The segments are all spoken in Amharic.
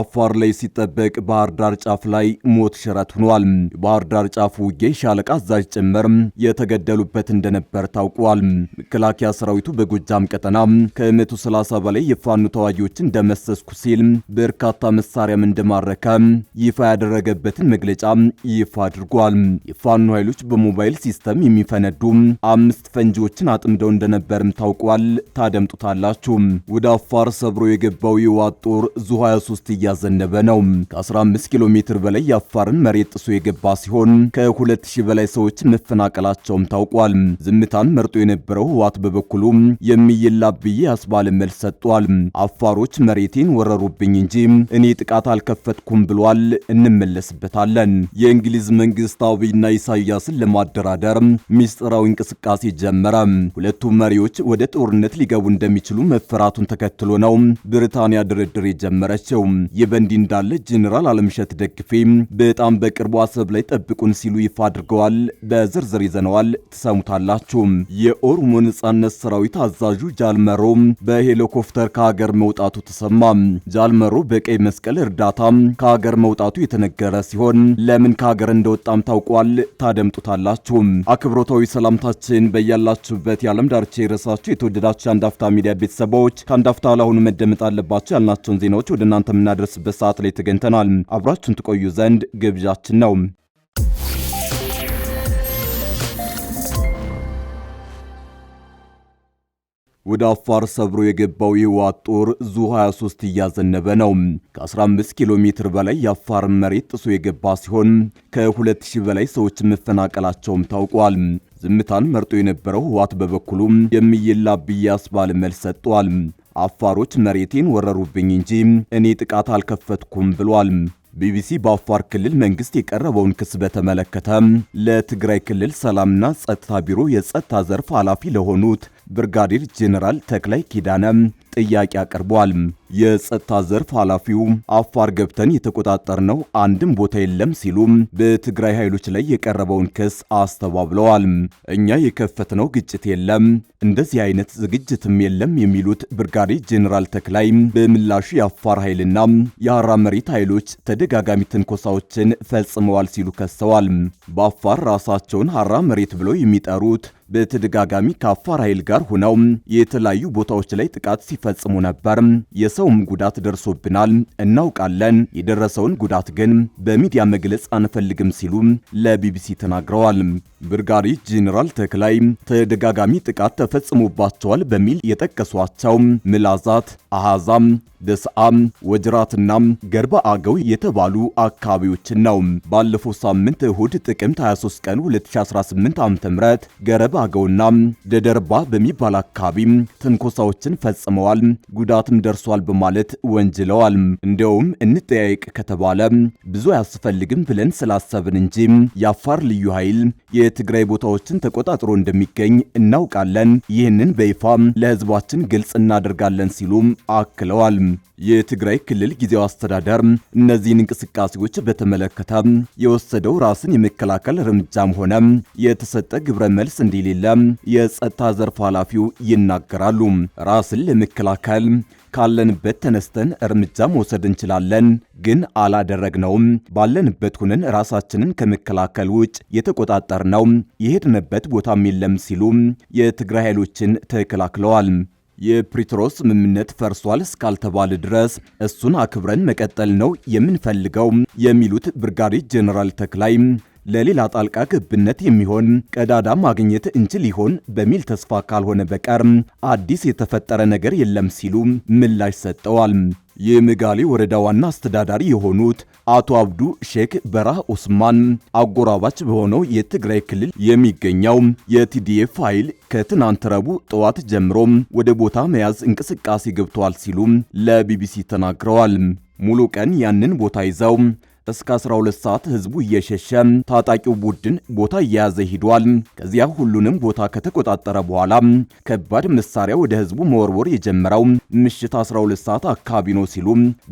አፋር ላይ ሲጠበቅ ባህር ዳር ጫፍ ላይ ሞት ሽረት ሆኗል። ባህር ዳር ጫፉ ውጊያ ሻለቃ አዛዥ ጭምር የተገደሉበት እንደነበር ታውቋል። መከላከያ ሰራዊቱ በጎጃም ቀጠና ከ130 በላይ የፋኑ ተዋጊዎችን እንደመሰስኩ ሲል በርካታ መሳሪያም እንደማረከ ይፋ ያደረገበትን መግለጫ ይፋ አድርጓል። የፋኑ ኃይሎች በሞባይል ሲስተም የሚፈነዱ አምስት ፈንጂዎችን አጥምደው እንደነበርም ታውቋል። ታደምጡታላችሁ። ወደ አፋር ሰብሮ የገባው የዋጦር ዙ 23 እያዘነበ ነው። ከ15 ኪሎ ሜትር በላይ የአፋርን መሬት ጥሶ የገባ ሲሆን ከ2000 በላይ ሰዎች መፈናቀላቸውም ታውቋል። ዝምታን መርጦ የነበረው ህዋት በበኩሉ የሚይላብዬ ያስባለ መልስ ሰጥቷል። አፋሮች መሬቴን ወረሩብኝ እንጂ እኔ ጥቃት አልከፈትኩም ብሏል። እንመለስበታለን። የእንግሊዝ መንግስት አብይና ኢሳያስን ለማደራደር ሚስጥራዊ እንቅስቃሴ ጀመረ። ሁለቱ መሪዎች ወደ ጦርነት ሊገቡ እንደሚችሉ መፈራቱን ተከትሎ ነው ብሪታንያ ድርድር የጀመረችው። ይህ በእንዲህ እንዳለ ጀኔራል አለምሸት ደግፌ በጣም በቅርቡ አሰብ ላይ ጠብቁን ሲሉ ይፋ አድርገዋል። በዝርዝር ይዘነዋል፣ ትሰሙታላችሁ። የኦሮሞ ነጻነት ሰራዊት አዛዡ ጃልመሮ በሄሊኮፕተር ከሀገር መውጣቱ ተሰማ። ጃልመሮ በቀይ መስቀል እርዳታ ከሀገር መውጣቱ የተነገረ ሲሆን ለምን ከሀገር እንደወጣም ታውቋል። ታደምጡታላችሁ። አክብሮታዊ ሰላምታችን በያላችሁበት የዓለም ዳርቻ የረሳችሁ የተወደዳችሁ የአንዳፍታ ሚዲያ ቤተሰቦች ከአንዳፍታ ለአሁኑ መደመጥ አለባቸው ያልናቸውን ዜናዎች ወደ እናንተ የምናደርስበት ሰዓት ላይ ተገኝተናል። አብራችሁን ትቆዩ ዘንድ ግብዣችን ነው። ወደ አፋር ሰብሮ የገባው የህወሓት ጦር ዙ 23 እያዘነበ ነው። ከ15 ኪሎ ሜትር በላይ የአፋር መሬት ጥሶ የገባ ሲሆን ከ2000 በላይ ሰዎች መፈናቀላቸውም ታውቋል። ዝምታን መርጦ የነበረው ህወሓት በበኩሉ የሚይላ ብያስ ባለ መልስ ሰጥቷል። አፋሮች መሬቴን ወረሩብኝ እንጂ እኔ ጥቃት አልከፈትኩም ብሏል። ቢቢሲ በአፋር ክልል መንግስት የቀረበውን ክስ በተመለከተ ለትግራይ ክልል ሰላምና ጸጥታ ቢሮ የጸጥታ ዘርፍ ኃላፊ ለሆኑት ብርጋዴር ጄኔራል ተክላይ ኪዳነ ጥያቄ አቅርቧል። የጸጥታ ዘርፍ ኃላፊው አፋር ገብተን የተቆጣጠርነው አንድም ቦታ የለም ሲሉ በትግራይ ኃይሎች ላይ የቀረበውን ክስ አስተባብለዋል። እኛ የከፈትነው ግጭት የለም፣ እንደዚህ አይነት ዝግጅትም የለም የሚሉት ብርጋዴ ጄኔራል ተክላይ በምላሹ የአፋር ኃይልና የአራ መሬት ኃይሎች ተደጋጋሚ ትንኮሳዎችን ፈጽመዋል ሲሉ ከሰዋል። በአፋር ራሳቸውን አራ መሬት ብለው የሚጠሩት በተደጋጋሚ ከአፋር ኃይል ጋር ሆነው የተለያዩ ቦታዎች ላይ ጥቃት ሲፈጽሙ ነበር። የሰው ሰውም ጉዳት ደርሶብናል እናውቃለን። የደረሰውን ጉዳት ግን በሚዲያ መግለጽ አንፈልግም ሲሉ ለቢቢሲ ተናግረዋል። ብርጋሪ ጄኔራል ተክላይ ተደጋጋሚ ጥቃት ተፈጽሞባቸዋል በሚል የጠቀሷቸው ምላዛት፣ አሃዛም ደስአም፣ ወጅራትናም ገርባ አገው የተባሉ አካባቢዎችን ነው። ባለፈው ሳምንት እሁድ ጥቅምት 23 ቀን 2018 ዓ.ም ገረብ አገውና ደደርባ በሚባል አካባቢ ትንኮሳዎችን ፈጽመዋል፣ ጉዳትም ደርሷል በማለት ወንጅለዋል። እንደውም እንጠያይቅ ከተባለ ብዙ አያስፈልግም ብለን ስላሰብን እንጂ የአፋር ልዩ ኃይል የትግራይ ቦታዎችን ተቆጣጥሮ እንደሚገኝ እናውቃለን። ይህንን በይፋ ለህዝባችን ግልጽ እናደርጋለን ሲሉም አክለዋል። የትግራይ ክልል ጊዜያዊ አስተዳደር እነዚህን እንቅስቃሴዎች በተመለከተ የወሰደው ራስን የመከላከል እርምጃም ሆነ የተሰጠ ግብረ መልስ እንደሌለ የጸጥታ ዘርፍ ኃላፊው ይናገራሉ። ራስን ለመከላከል ካለንበት ተነስተን እርምጃ መውሰድ እንችላለን፣ ግን አላደረግነውም። ባለንበት ሆነን ራሳችንን ከመከላከል ውጭ የተቆጣጠርነው የሄድንበት ቦታም የለም ሲሉ የትግራይ ኃይሎችን ተከላክለዋል። የፕሪቶሪያው ስምምነት ፈርሷል እስካልተባለ ድረስ እሱን አክብረን መቀጠል ነው የምንፈልገው የሚሉት ብርጋዴር ጄኔራል ተክላይ ለሌላ ጣልቃ ገብነት የሚሆን ቀዳዳ ማግኘት እንችል ይሆን በሚል ተስፋ ካልሆነ በቀር አዲስ የተፈጠረ ነገር የለም ሲሉ ምላሽ ሰጠዋል። የምጋሌ ወረዳ ዋና አስተዳዳሪ የሆኑት አቶ አብዱ ሼክ በራህ ኦስማን አጎራባች በሆነው የትግራይ ክልል የሚገኘው የቲዲኤፍ ኃይል ከትናንት ረቡዕ ጠዋት ጀምሮ ወደ ቦታ መያዝ እንቅስቃሴ ገብተዋል ሲሉ ለቢቢሲ ተናግረዋል። ሙሉ ቀን ያንን ቦታ ይዘው እስከ 12 ሰዓት ህዝቡ እየሸሸ ታጣቂው ቡድን ቦታ እየያዘ ሂዷል። ከዚያ ሁሉንም ቦታ ከተቆጣጠረ በኋላ ከባድ መሳሪያ ወደ ህዝቡ መወርወር የጀመረው ምሽት 12 ሰዓት አካባቢ ነው ሲሉ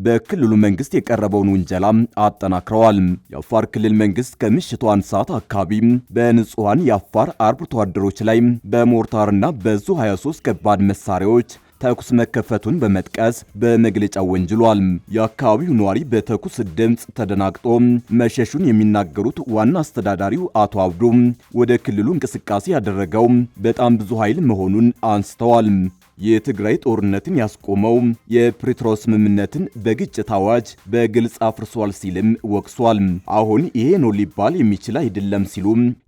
በክልሉ መንግስት የቀረበውን ውንጀላ አጠናክረዋል። የአፋር ክልል መንግስት ከምሽቱ አንድ ሰዓት አካባቢ በንጹሐን የአፋር አርብቶ አደሮች ላይ በሞርታርና በዙ 23 ከባድ መሳሪያዎች ተኩስ መከፈቱን በመጥቀስ በመግለጫው ወንጅሏል። የአካባቢው ነዋሪ በተኩስ ድምፅ ተደናግጦ መሸሹን የሚናገሩት ዋና አስተዳዳሪው አቶ አብዱ ወደ ክልሉ እንቅስቃሴ ያደረገው በጣም ብዙ ኃይል መሆኑን አንስተዋል። የትግራይ ጦርነትን ያስቆመው የፕሪቶሪያ ስምምነትን በግጭት አዋጅ በግልጽ አፍርሷል ሲልም ወቅሷል። አሁን ይሄ ነው ሊባል የሚችል አይደለም ሲሉ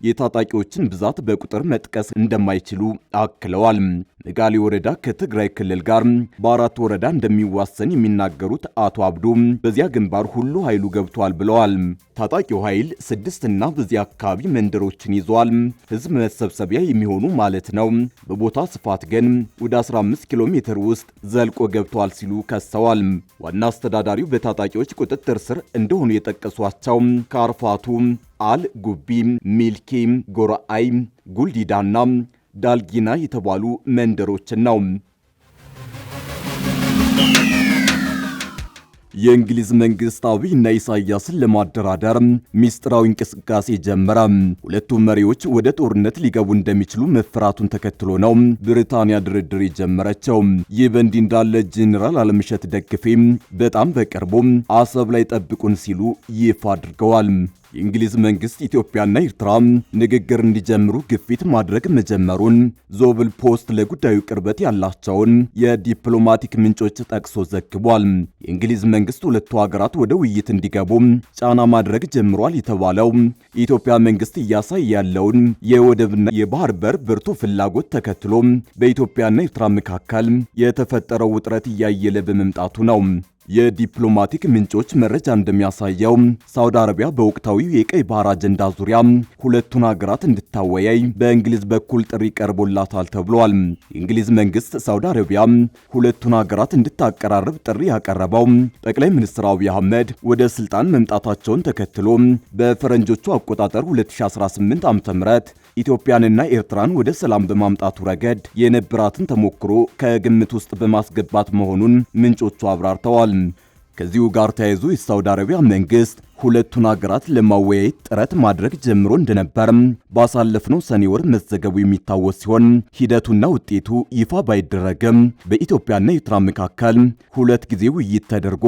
የታጣቂዎችን ብዛት በቁጥር መጥቀስ እንደማይችሉ አክለዋል። ለጋሊ ወረዳ ከትግራይ ክልል ጋር በአራት ወረዳ እንደሚዋሰን የሚናገሩት አቶ አብዱ በዚያ ግንባር ሁሉ ኃይሉ ገብቷል ብለዋል። ታጣቂው ኃይል ስድስት እና በዚያ አካባቢ መንደሮችን ይዟል። ህዝብ መሰብሰቢያ የሚሆኑ ማለት ነው። በቦታ ስፋት ግን ወደ 15 ኪሎ ሜትር ውስጥ ዘልቆ ገብቷል ሲሉ ከሰዋል። ዋና አስተዳዳሪው በታጣቂዎች ቁጥጥር ስር እንደሆኑ የጠቀሷቸው ከአርፋቱ አል ጉቢ፣ ሚልኪ፣ ጎረአይ፣ ጉልዲዳና ዳልጊና የተባሉ መንደሮችን ነው። የእንግሊዝ መንግስት አብይና ኢሳያስን ለማደራደር ሚስጥራዊ እንቅስቃሴ ጀመረ። ሁለቱ መሪዎች ወደ ጦርነት ሊገቡ እንደሚችሉ መፍራቱን ተከትሎ ነው ብሪታንያ ድርድር የጀመረቸው። ይህ በእንዲህ እንዳለ ጄኔራል አለምሸት ደግፌ በጣም በቅርቡ አሰብ ላይ ጠብቁን ሲሉ ይፋ አድርገዋል። የእንግሊዝ መንግስት ኢትዮጵያና ኤርትራ ንግግር እንዲጀምሩ ግፊት ማድረግ መጀመሩን ዞብል ፖስት ለጉዳዩ ቅርበት ያላቸውን የዲፕሎማቲክ ምንጮች ጠቅሶ ዘግቧል። የእንግሊዝ መንግስት ሁለቱ ሀገራት ወደ ውይይት እንዲገቡ ጫና ማድረግ ጀምሯል የተባለው የኢትዮጵያ መንግስት እያሳየ ያለውን የወደብና የባህር በር ብርቱ ፍላጎት ተከትሎ በኢትዮጵያና ኤርትራ መካከል የተፈጠረው ውጥረት እያየለ በመምጣቱ ነው። የዲፕሎማቲክ ምንጮች መረጃ እንደሚያሳየው ሳውዲ አረቢያ በወቅታዊው የቀይ ባህር አጀንዳ ዙሪያ ሁለቱን ሀገራት እንድታወያይ በእንግሊዝ በኩል ጥሪ ቀርቦላታል ተብሏል። የእንግሊዝ መንግስት ሳውዲ አረቢያ ሁለቱን ሀገራት እንድታቀራርብ ጥሪ ያቀረበው ጠቅላይ ሚኒስትር አብይ አህመድ ወደ ስልጣን መምጣታቸውን ተከትሎ በፈረንጆቹ አቆጣጠር 2018 ዓ ም ኢትዮጵያንና ኤርትራን ወደ ሰላም በማምጣቱ ረገድ የነበራትን ተሞክሮ ከግምት ውስጥ በማስገባት መሆኑን ምንጮቹ አብራርተዋል። ተናግረዋል። ከዚሁ ጋር ተያይዞ የሳውዲ አረቢያ መንግስት ሁለቱን ሀገራት ለማወያየት ጥረት ማድረግ ጀምሮ እንደነበር ባሳለፍነው ሰኔ ወር መዘገቡ የሚታወስ ሲሆን ሂደቱና ውጤቱ ይፋ ባይደረግም በኢትዮጵያና ኤርትራ መካከል ሁለት ጊዜ ውይይት ተደርጎ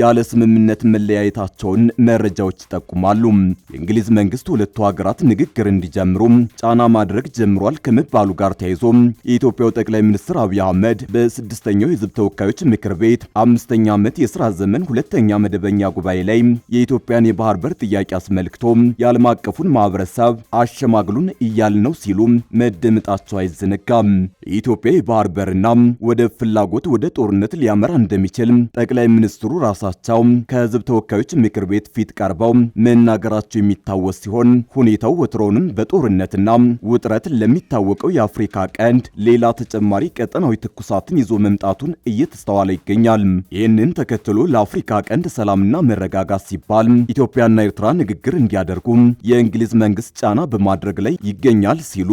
ያለ ስምምነት መለያየታቸውን መረጃዎች ይጠቁማሉ። የእንግሊዝ መንግስት ሁለቱ ሀገራት ንግግር እንዲጀምሩ ጫና ማድረግ ጀምሯል ከመባሉ ጋር ተያይዞ የኢትዮጵያው ጠቅላይ ሚኒስትር አብይ አህመድ በስድስተኛው የህዝብ ተወካዮች ምክር ቤት አምስተኛ ዓመት የስራ ዘመን ሁለተኛ መደበኛ ጉባኤ ላይ የኢትዮጵያን የባህር በር ጥያቄ አስመልክቶ የዓለም አቀፉን ማህበረሰብ አሸማግሉን እያል ነው ሲሉ መደመጣቸው አይዘነጋም። የኢትዮጵያ የባህር በርና ወደ ፍላጎት ወደ ጦርነት ሊያመራ እንደሚችል ጠቅላይ ሚኒስትሩ ራስ ራሳቸው ከህዝብ ተወካዮች ምክር ቤት ፊት ቀርበው መናገራቸው የሚታወስ ሲሆን ሁኔታው ወትሮውንም በጦርነትና ውጥረት ለሚታወቀው የአፍሪካ ቀንድ ሌላ ተጨማሪ ቀጠናዊ ትኩሳትን ይዞ መምጣቱን እየተስተዋለ ይገኛል። ይህንን ተከትሎ ለአፍሪካ ቀንድ ሰላምና መረጋጋት ሲባል ኢትዮጵያና ኤርትራ ንግግር እንዲያደርጉ የእንግሊዝ መንግስት ጫና በማድረግ ላይ ይገኛል ሲሉ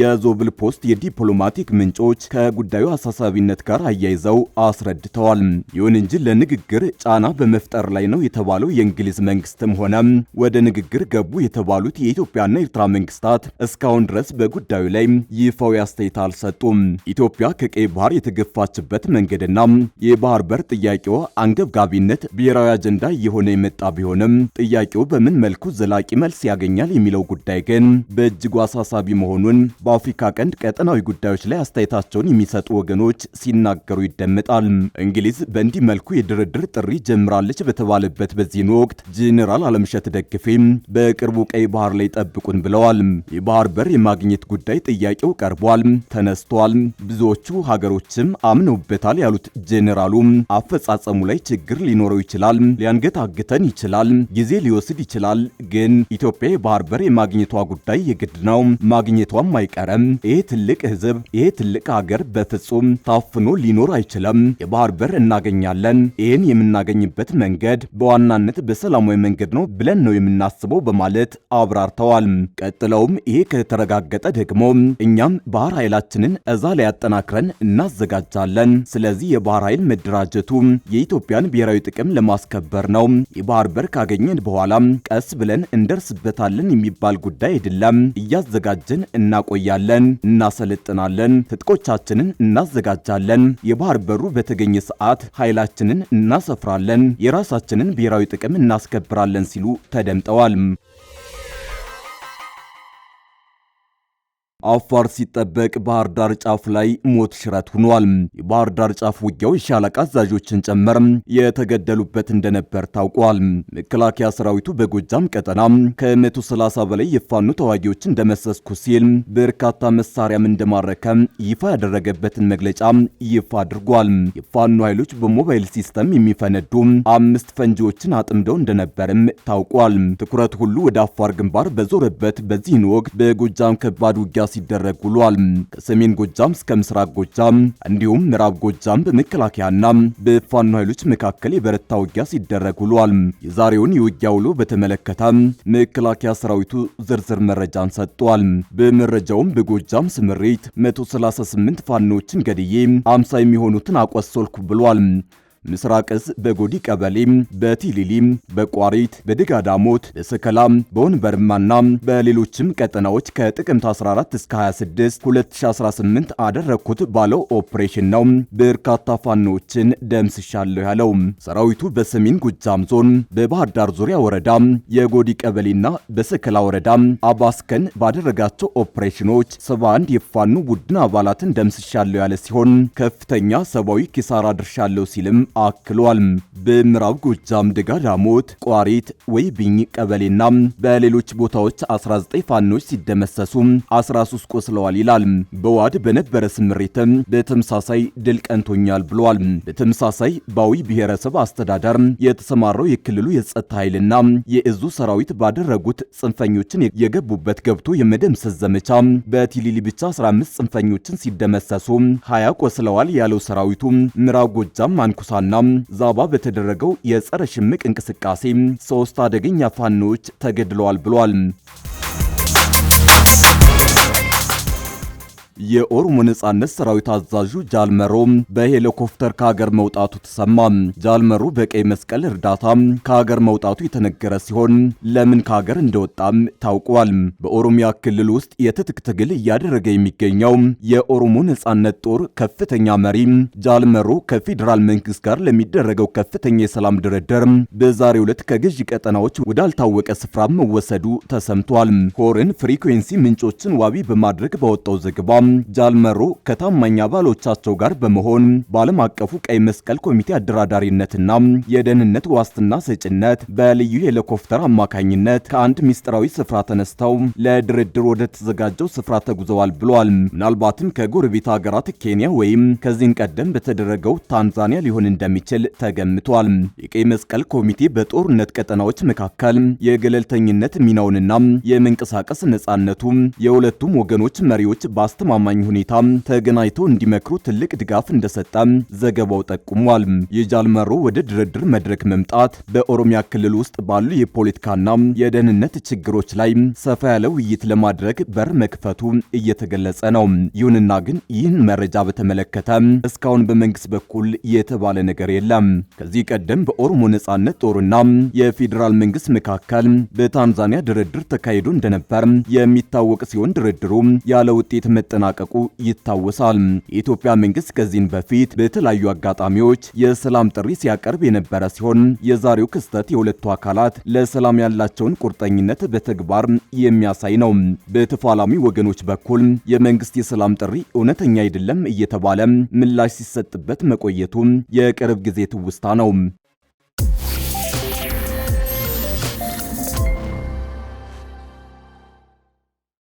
የዞብል ፖስት የዲፕሎማቲክ ምንጮች ከጉዳዩ አሳሳቢነት ጋር አያይዘው አስረድተዋል። ይሁን እንጂ ለንግግር ጫ ጫና በመፍጠር ላይ ነው የተባለው የእንግሊዝ መንግስትም ሆነ ወደ ንግግር ገቡ የተባሉት የኢትዮጵያና ኤርትራ መንግስታት እስካሁን ድረስ በጉዳዩ ላይ ይፋዊ አስተያየት አልሰጡም። ኢትዮጵያ ከቀይ ባህር የተገፋችበት መንገድና የባህር በር ጥያቄዋ አንገብጋቢነት ብሔራዊ አጀንዳ እየሆነ የመጣ ቢሆንም ጥያቄው በምን መልኩ ዘላቂ መልስ ያገኛል የሚለው ጉዳይ ግን በእጅጉ አሳሳቢ መሆኑን በአፍሪካ ቀንድ ቀጠናዊ ጉዳዮች ላይ አስተያየታቸውን የሚሰጡ ወገኖች ሲናገሩ ይደመጣል። እንግሊዝ በእንዲህ መልኩ የድርድር ጥሪ ጀምራለች በተባለበት በዚህን ወቅት ጄኔራል አለምሸት ደግፌም በቅርቡ ቀይ ባህር ላይ ጠብቁን ብለዋል። የባህር በር የማግኘት ጉዳይ ጥያቄው ቀርቧል፣ ተነስቷል፣ ብዙዎቹ ሀገሮችም አምነውበታል ያሉት ጄኔራሉ አፈጻጸሙ ላይ ችግር ሊኖረው ይችላል፣ ሊያንገታግተን ይችላል፣ ጊዜ ሊወስድ ይችላል። ግን ኢትዮጵያ የባህር በር የማግኘቷ ጉዳይ የግድ ነው፣ ማግኘቷም አይቀርም። ይሄ ትልቅ ህዝብ ይሄ ትልቅ ሀገር በፍጹም ታፍኖ ሊኖር አይችልም። የባህር በር እናገኛለን። ይህን የምና የምናገኝበት መንገድ በዋናነት በሰላማዊ መንገድ ነው ብለን ነው የምናስበው በማለት አብራርተዋል። ቀጥለውም ይሄ ከተረጋገጠ ደግሞ እኛም ባህር ኃይላችንን እዛ ላይ አጠናክረን እናዘጋጃለን። ስለዚህ የባህር ኃይል መደራጀቱ የኢትዮጵያን ብሔራዊ ጥቅም ለማስከበር ነው። የባህር በር ካገኘን በኋላ ቀስ ብለን እንደርስበታለን የሚባል ጉዳይ አይደለም። እያዘጋጀን እናቆያለን፣ እናሰለጥናለን፣ ትጥቆቻችንን እናዘጋጃለን። የባህር በሩ በተገኘ ሰዓት ኃይላችንን እናሰፍራለን እንኖራለን፣ የራሳችንን ብሔራዊ ጥቅም እናስከብራለን ሲሉ ተደምጠዋል። አፋር ሲጠበቅ ባህር ዳር ጫፍ ላይ ሞት ሽረት ሆኗል። የባህር ዳር ጫፍ ውጊያው ሻለቃ አዛዦችን ጨምር የተገደሉበት እንደነበር ታውቋል። መከላከያ ሰራዊቱ በጎጃም ቀጠና ከ130 በላይ የፋኖ ተዋጊዎችን እንደመሰስኩ ሲል በርካታ መሳሪያም እንደማረከ ይፋ ያደረገበትን መግለጫ ይፋ አድርጓል። የፋኖ ኃይሎች በሞባይል ሲስተም የሚፈነዱ አምስት ፈንጂዎችን አጥምደው እንደነበርም ታውቋል። ትኩረት ሁሉ ወደ አፋር ግንባር በዞረበት በዚህን ወቅት በጎጃም ከባድ ውጊያ ሲደረግ ውሏል። ከሰሜን ጎጃም እስከ ምስራቅ ጎጃም እንዲሁም ምዕራብ ጎጃም በመከላከያና በፋኖ ኃይሎች መካከል የበረታ ውጊያ ሲደረግ ውሏል። የዛሬውን የውጊያ ውሎ በተመለከተ መከላከያ ሰራዊቱ ዝርዝር መረጃን ሰጥቷል። በመረጃውም በጎጃም ስምሪት 138 ፋኖዎችን ገድዬ 50 የሚሆኑትን አቆሰልኩ ብሏል። ምስራቅ እዝ በጎዲ ቀበሌም፣ በቲሊሊም፣ በቋሪት፣ በድጋዳሞት፣ በሰከላም፣ በወንበርማና በሌሎችም ቀጠናዎች ከጥቅምት 14 እስከ 26 2018 አደረግኩት ባለው ኦፕሬሽን ነው በርካታ ፋኖችን ደምስሻለሁ ያለው። ሰራዊቱ በሰሜን ጎጃም ዞን በባህር ዳር ዙሪያ ወረዳ የጎዲ ቀበሌና በሰከላ ወረዳ አባስከን ባደረጋቸው ኦፕሬሽኖች 71 የፋኖ ቡድን አባላትን ደምስሻለሁ ያለ ሲሆን ከፍተኛ ሰብአዊ ኪሳራ ድርሻለሁ ሲልም አክሏል። በምዕራብ ጎጃም ደጋ ዳሞት፣ ቋሪት፣ ወይብኝ ቀበሌና በሌሎች ቦታዎች 19 ፋኖች ሲደመሰሱ 13 ቆስለዋል ይላል። በዋድ በነበረ ስምሪትም በተመሳሳይ ድል ቀንቶኛል ብሏል። በተመሳሳይ በአዊ ብሔረሰብ አስተዳደር የተሰማራው የክልሉ የጸጥታ ኃይልና የእዙ ሰራዊት ባደረጉት ጽንፈኞችን የገቡበት ገብቶ የመደምሰስ ዘመቻ በቲሊሊ ብቻ 15 ጽንፈኞችን ሲደመሰሱ 20 ቆስለዋል ያለው ሰራዊቱ ምዕራብ ጎጃም ማንኩሳ ውጊያና ዛባ በተደረገው የጸረ ሽምቅ እንቅስቃሴ ሶስት አደገኛ ፋኖች ተገድለዋል ብሏል። የኦሮሞ ነጻነት ሰራዊት አዛዡ ጃልመሮ በሄሊኮፕተር ከሀገር መውጣቱ ተሰማ። ጃልመሮ በቀይ መስቀል እርዳታ ከሀገር መውጣቱ የተነገረ ሲሆን ለምን ከሀገር እንደወጣም ታውቋል። በኦሮሚያ ክልል ውስጥ የትጥቅ ትግል እያደረገ የሚገኘው የኦሮሞ ነጻነት ጦር ከፍተኛ መሪ ጃልመሮ ከፌዴራል መንግስት ጋር ለሚደረገው ከፍተኛ የሰላም ድርድር በዛሬው ዕለት ከገዢ ቀጠናዎች ወዳልታወቀ ስፍራ መወሰዱ ተሰምቷል። ሆርን ፍሪኩዌንሲ ምንጮችን ዋቢ በማድረግ ባወጣው ዘገባ ጃልመሮ ከታማኝ አባሎቻቸው ጋር በመሆን በዓለም አቀፉ ቀይ መስቀል ኮሚቴ አደራዳሪነትና የደህንነት ዋስትና ሰጭነት በልዩ ሄሊኮፕተር አማካኝነት ከአንድ ሚስጥራዊ ስፍራ ተነስተው ለድርድር ወደ ተዘጋጀው ስፍራ ተጉዘዋል ብለዋል። ምናልባትም ከጎረቤት ሀገራት ኬንያ ወይም ከዚህን ቀደም በተደረገው ታንዛኒያ ሊሆን እንደሚችል ተገምቷል። የቀይ መስቀል ኮሚቴ በጦርነት ቀጠናዎች መካከል የገለልተኝነት ሚናውንና የመንቀሳቀስ ነጻነቱ የሁለቱም ወገኖች መሪዎች በአስተማ በአስተማማኝ ሁኔታ ተገናኝተው እንዲመክሩ ትልቅ ድጋፍ እንደሰጠ ዘገባው ጠቁሟል። የጃልመሮ ወደ ድርድር መድረክ መምጣት በኦሮሚያ ክልል ውስጥ ባሉ የፖለቲካና የደህንነት ችግሮች ላይ ሰፋ ያለ ውይይት ለማድረግ በር መክፈቱ እየተገለጸ ነው። ይሁንና ግን ይህን መረጃ በተመለከተ እስካሁን በመንግስት በኩል የተባለ ነገር የለም። ከዚህ ቀደም በኦሮሞ ነጻነት ጦርና የፌዴራል መንግስት መካከል በታንዛኒያ ድርድር ተካሂዶ እንደነበር የሚታወቅ ሲሆን ድርድሩ ያለ ውጤት መጠናቀ መጠናቀቁ ይታወሳል። የኢትዮጵያ መንግስት ከዚህን በፊት በተለያዩ አጋጣሚዎች የሰላም ጥሪ ሲያቀርብ የነበረ ሲሆን የዛሬው ክስተት የሁለቱ አካላት ለሰላም ያላቸውን ቁርጠኝነት በተግባር የሚያሳይ ነው። በተፋላሚ ወገኖች በኩል የመንግስት የሰላም ጥሪ እውነተኛ አይደለም እየተባለ ምላሽ ሲሰጥበት መቆየቱ የቅርብ ጊዜ ትውስታ ነው።